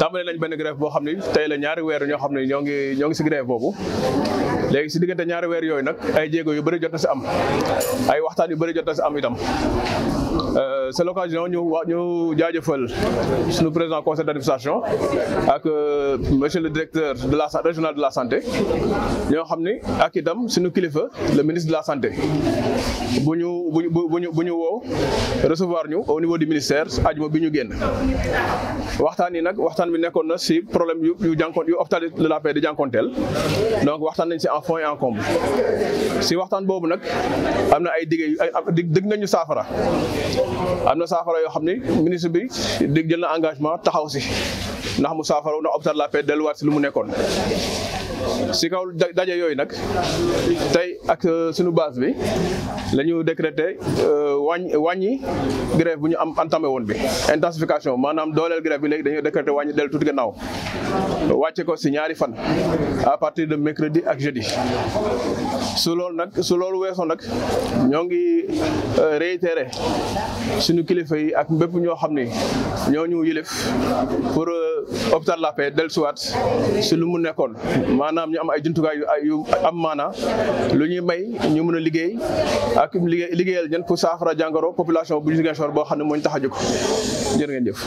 tàmbali nañ benn grève boo xam ne tey la ñaari weer ñoo xam ne ñoo ngi ñoo ngi si grève boobu léegi si diggante ñaari weer yooyu nag ay jéego yu bëri jot na si am ay waxtaan yu bëri jot na si am itam c'est l'occasion ñu wa ñu jaajëfal suñu président conseil d'administration ak euh, monsieur le directeur de la régional de la santé ñoo xam ni ak itam suñu kilifa le ministre de la santé bu ñu bu ñu bu ñu woo recevoir ñu au niveau du ministère ajuma bi ñu génn waxtaan yi nag waxtaan bi nekkoon na si problème yu yu jànkoon yu hôpital de la paix di jànkoonteel donc waxtaan nañ si en fond et en comble si waxtaan boobu nag am na ay digg dig nañu saafara am na saafara yoo xam ne ministre bi jël na engagement taxaw si ndax mu saafara na hôpital La Paix delluwaat si lu mu nekkoon si kaw daje yooyu nag tey ak euh, suñu base bi la ñu décrété euh, wàññi wàññi grève bu ñu am entamé woon bi intensification maanaam dooleel grève bi léegi dañuy décrété wàññi dellu tuuti gannaaw wàcce ko si ñaari fan à partir de mercredi ak jeudi su loolu nag su loolu weesoo nag ñoo ngi euh, réitéré suñu kilifa yi ak bépp ñoo xam ni ñoo ñu yilif pour hôpital La Paix dellusiwaat si lu mu nekkoon maanaam ñu am ay jumtukaay yu am maana lu ñuy may ñu mën a liggéey ak liggéeyal ñan pour saafara jàngoro population bu Ziguinchor boo xam ne moo ñu tax a jóg jërë jëf.